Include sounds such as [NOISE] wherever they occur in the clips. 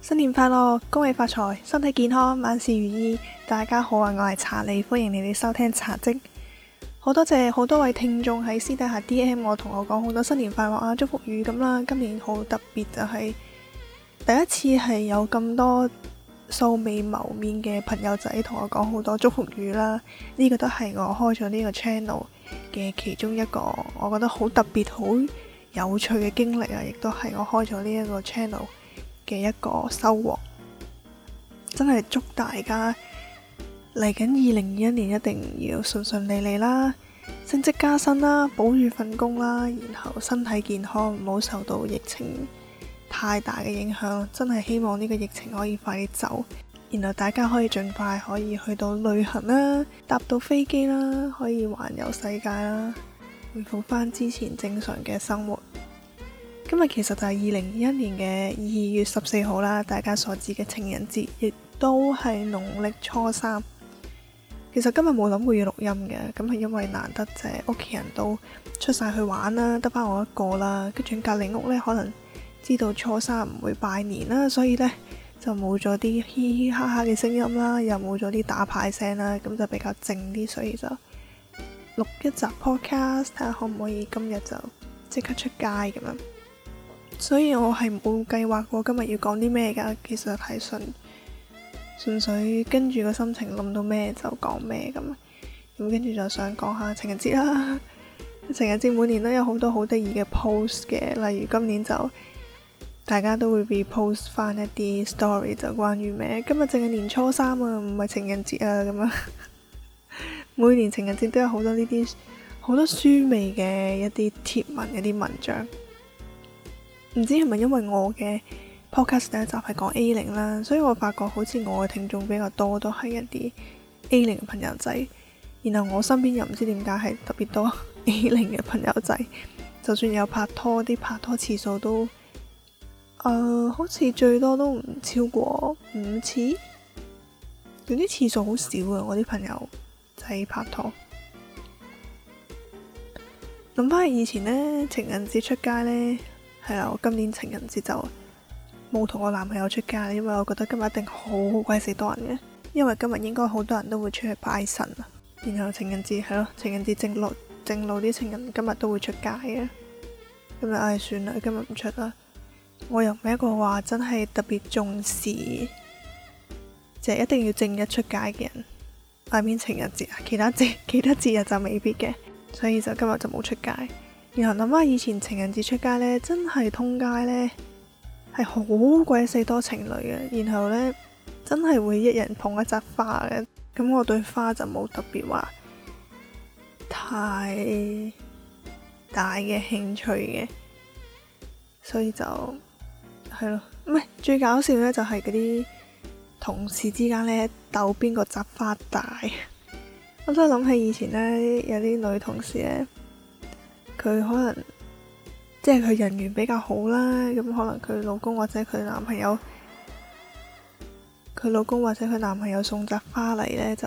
新年快樂，恭喜發財，身體健康，萬事如意。大家好啊，我係查理，歡迎你哋收聽查職。好多謝好多位聽眾喺私底下 DM 我，同我講好多新年快樂啊、祝福語咁啦。今年好特別就係、是、第一次係有咁多。素未謀面嘅朋友仔同我講好多祝福語啦，呢個都係我開咗呢個 channel 嘅其中一個，我覺得好特別、好有趣嘅經歷啊，亦都係我開咗呢一個 channel 嘅一個收穫，真係祝大家嚟緊二零二一年一定要順順利利啦，升職加薪啦，保住份工啦，然後身體健康，唔好受到疫情太大嘅影響，真係希望呢個疫情可以快啲走，然後大家可以盡快可以去到旅行啦，搭到飛機啦，可以環遊世界啦，回復翻之前正常嘅生活。今日其實就係二零二一年嘅二月十四號啦，大家所指嘅情人節，亦都係農曆初三。其實今日冇諗過要錄音嘅，咁係因為難得啫，屋企人都出晒去玩啦，得翻我一個啦。跟住隔離屋呢，可能～知道初三唔會拜年啦，所以呢，就冇咗啲嘻嘻哈哈嘅聲音啦，又冇咗啲打牌聲啦，咁就比較靜啲，所以就錄一集 podcast 睇下可唔可以今日就即刻出街咁樣。所以我係冇計劃過今日要講啲咩噶，其實係純純粹跟住個心情諗到咩就講咩咁。咁跟住就想講下情人節啦， [LAUGHS] 情人節每年都有好多好得意嘅 post 嘅，例如今年就。大家都會被 post 翻一啲 story 就關於咩？今日淨係年初三啊，唔係情人節啊咁樣啊。 [LAUGHS] 每年情人節都有好多呢啲好多書味嘅一啲貼文、一啲文章。唔知係咪因為我嘅 podcast 第一集係講 A 零啦，所以我發覺好似我嘅聽眾比較多都係一啲 A 零嘅朋友仔。然後我身邊又唔知點解係特別多 A 零嘅朋友仔，就算有拍拖，啲拍拖次數都～誒，uh, 好似最多都唔超過五次，有啲次數好少啊。我啲朋友仔拍拖。諗翻起以前呢，情人節出街呢，係啊，我今年情人節就冇同我男朋友出街，因為我覺得今日一定好鬼死多人嘅，因為今日應該好多人都會出去拜神啊。然後情人節係咯，情人節正路正路啲情人今日都會出街嘅，今日唉、哎，算啦，今日唔出啦。我又唔係一個話真係特別重視，就一定要正日出街嘅人，外面情人節啊，其他節其他節日就未必嘅，所以就今日就冇出街。然後諗下以前情人節出街咧，真係通街咧，係好鬼死多情侶嘅，然後咧真係會一人捧一扎花嘅，咁我對花就冇特別話太大嘅興趣嘅，所以就。係咯，唔係最搞笑咧，就係嗰啲同事之間咧鬥邊個紮花大。 [LAUGHS] 我真係諗起以前咧，有啲女同事咧，佢可能即係佢人緣比較好啦，咁可能佢老公或者佢男朋友，佢老公或者佢男朋友送扎花嚟，咧，就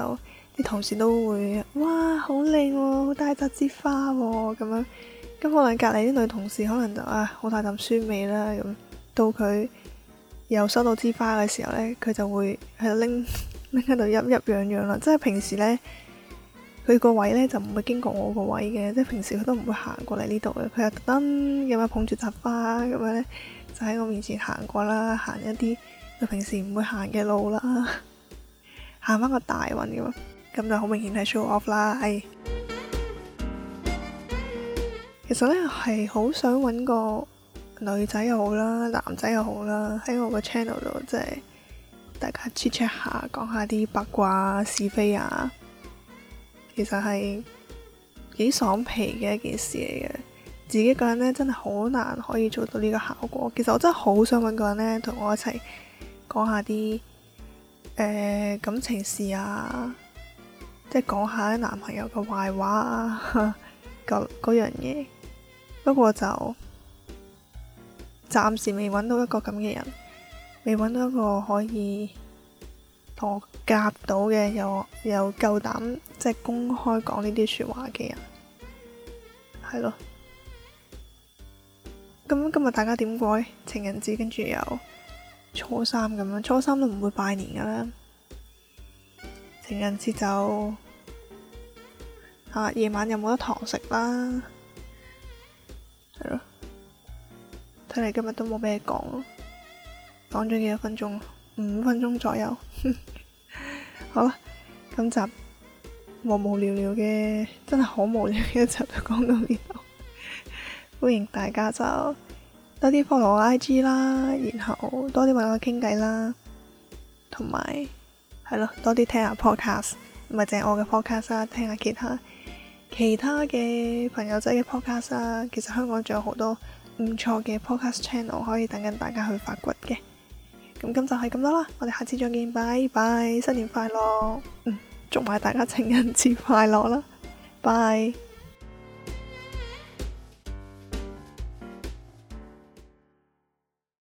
啲同事都會哇好靚喎，好、啊、大紮枝花咁、啊、樣。咁可能隔籬啲女同事可能就、哎、啊好大啖酸味啦咁。到佢又收到支花嘅時候呢，佢就會喺度拎拎喺度，陰陰癢癢啦。即係平時呢，佢個位呢就唔會經過我個位嘅，即係平時佢都唔會行過嚟呢度嘅。佢又特登咁樣捧住扎花咁樣呢，就喺我面前行過啦，行一啲佢平時唔會行嘅路啦，行 [LAUGHS] 翻個大運咁，咁就好明顯係 show off 啦。哎，其實呢係好想揾個。女仔又好啦，男仔又好啦，喺我個 channel 度，即係大家 chat chat 下，講下啲八卦、啊、是非啊，其實係幾爽皮嘅一件事嚟嘅。自己一個人咧，真係好難可以做到呢個效果。其實我真係好想搵個人咧，同我一齊講下啲誒、呃、感情事啊，即係講下啲男朋友嘅壞話啊，嗰 [LAUGHS] 嗰樣嘢。不過就。暫時未揾到一個咁嘅人，未揾到一個可以同我夾到嘅，又又夠膽即係公開講呢啲説話嘅人，係咯。咁今日大家點過咧？情人節跟住又初三咁樣，初三都唔會拜年噶啦。情人節就，啊，夜晚有冇得堂食啦？係咯。睇嚟今日都冇咩講，講咗幾多分鐘？五分鐘左右。 [LAUGHS] 好啦，今集無無聊聊嘅，真係好無聊嘅一集，就講到呢度。歡迎大家就多啲 follow 我 IG 啦，然後多啲揾我傾偈啦，同埋係咯，多啲聽下 podcast，唔係淨係我嘅 podcast 啊，聽下其他其他嘅朋友仔嘅 podcast 啊。其實香港仲有好多。唔錯嘅 podcast channel，可以等緊大家去發掘嘅。咁就係咁多啦，我哋下次再見，拜拜，新年快樂，嗯，祝埋大家情人節快樂啦，拜。